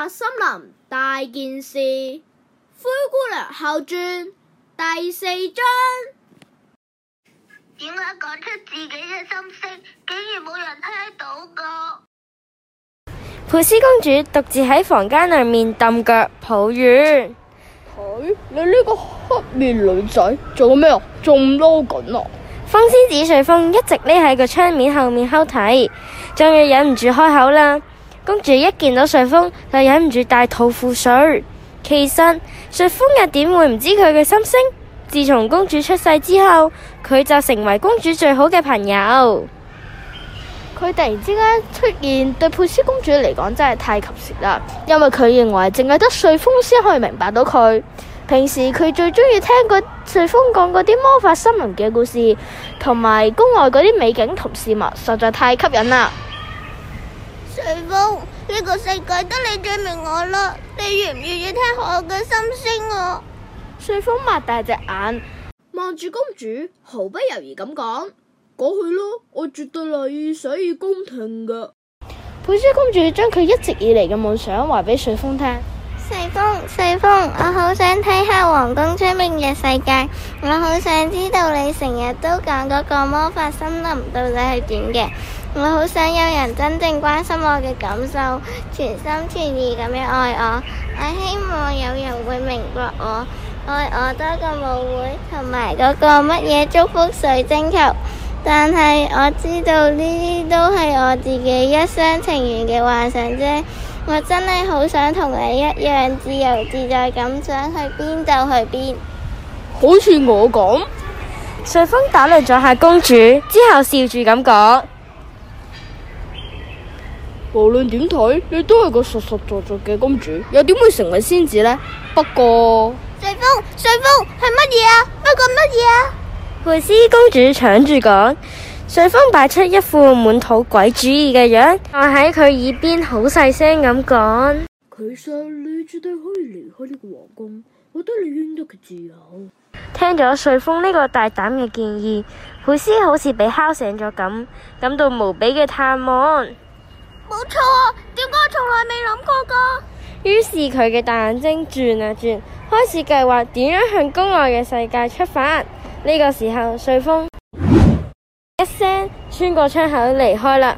《魔法森、啊、林大件事》《灰姑娘後傳》第四章，點解講出自己嘅心聲，竟然冇人聽到㗎？佩斯公主獨自喺房間裏面揼腳抱怨：佢、哎，你呢個黑面女仔做咩啊？仲嬲緊啊！風仙子瑞風一直匿喺個窗面後面偷睇，終於忍唔住開口啦。公主一見到瑞風就忍唔住大吐苦水。其實瑞風又點會唔知佢嘅心聲？自從公主出世之後，佢就成為公主最好嘅朋友。佢突然之間出現對佩斯公主嚟講真係太及時啦，因為佢認為淨係得瑞風先可以明白到佢。平時佢最中意聽嗰瑞風講嗰啲魔法森林嘅故事，同埋宮外嗰啲美景同事物實在太吸引啦。瑞峰，呢個世界得你最明我啦，你願唔願意聽我嘅心聲啊？瑞峰擘大隻眼望住公主，毫不猶豫咁講：過去咯，我絕對樂意洗耳恭聽㗎。佩斯公主將佢一直以嚟嘅夢想話俾瑞峰聽。瑞峰，瑞峰，我好想睇下皇宮出面嘅世界，我好想知道你成日都講嗰個魔法森林到底係點嘅。我好想有人真正關心我嘅感受，全心全意咁樣愛我。我希望有人會明白我，愛我多過舞會同埋嗰個乜嘢祝福水晶球。但係我知道呢啲都係我自己一廂情願嘅幻想啫。我真係好想同你一樣自由自在咁，想去邊就去邊。好似我咁，隨風打量咗下公主之後笑，笑住咁講。無論點睇，你都係個實實在在嘅公主，又點會成為仙子呢？不過，瑞豐，瑞豐係乜嘢啊？不過乜嘢啊？佩斯公主搶住講，瑞豐擺出一副滿肚鬼主意嘅樣，我喺佢耳邊好細聲咁講，其實你絕對可以離開呢個皇宮，我覺得你應得嘅自由。聽咗瑞豐呢個大膽嘅建議，佩斯好似被敲醒咗咁，感到無比嘅探望。冇錯、啊，點解我從來未諗過㗎？於是佢嘅大眼睛轉啊轉，開始計劃點樣向宮外嘅世界出發。呢、這個時候，順風一聲穿過窗口離開啦。